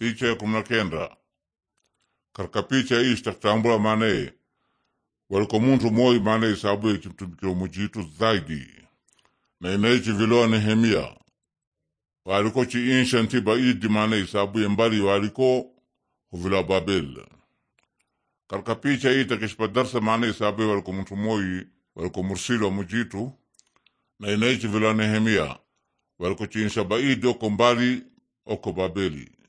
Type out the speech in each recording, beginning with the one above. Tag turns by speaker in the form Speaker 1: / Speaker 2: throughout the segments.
Speaker 1: picha ya kumi na kenda karka picha ishi takutambula manaye waliko muntu moyi manaye sabue chimtumikilo muchitu zaidi na inaichi viloa Nehemia waliko chiinsha ntiba baidi manaye ya mbali waliko huvila Babel karka picha ita kishpa darsa manaye ya waliko muntu moyi waliko wa mujitu na inaichi viloa Nehemia waliko chiinsha baidi oko mbali oko Babeli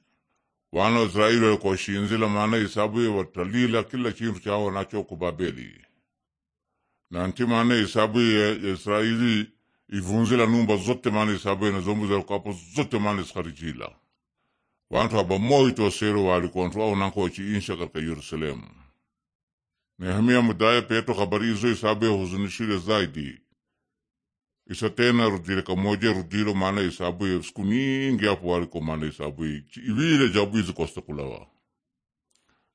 Speaker 1: wana israeli walikoshinzila maana isabuye watalila kila chintu chao wanacho kubabeli nanti maana isabu ya israeli ivunzila numba zote maana isabuye na zombu kapo zote maana iskarijila wantu abamoyi tosero walikontu au nankochi insha katika yerusalemu nehemia mudaya peto habari izo isabuye huzunishile zaidi isa tena rudile moja rudilo maana isabu ye siku nyingi apo waliko maana isabu ye iwile jabu izi kosta kulawa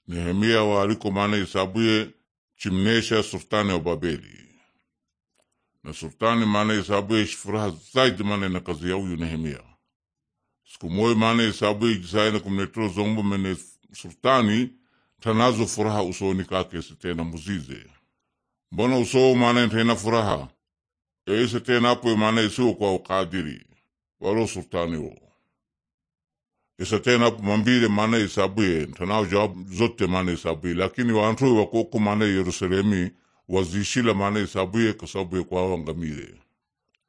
Speaker 1: Nehemia waliko maana isabu ye chimnesha sultani wa Babeli na sultani maana isabu ye furaha zaidi maana na kazi ya huyu Nehemia siku moyo maana isabu ye jisaina kumnetro zombo mene sultani tanazo furaha usoni kake tena muzize mbona usoo maana tena furaha eise tenapo imane isuo kwa ukadiri walo sultani wo isa tenapo mambile mane isabuye tanao jawabu zote mane isabuye lakini wantu wakoko mane yerusalemi wazishila mane isabuye kasabuye kwa wangamire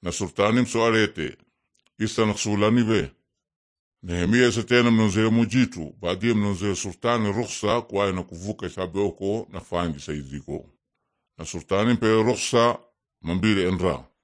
Speaker 1: na sultani msoalete isa naksulani be Nehemia isa tena mnonzee mujitu baadie mnonzee sultani ruhsa kwaye na kuvuka isabe oko na fangi saiziko na sultani mpe ruhsa mambile en raw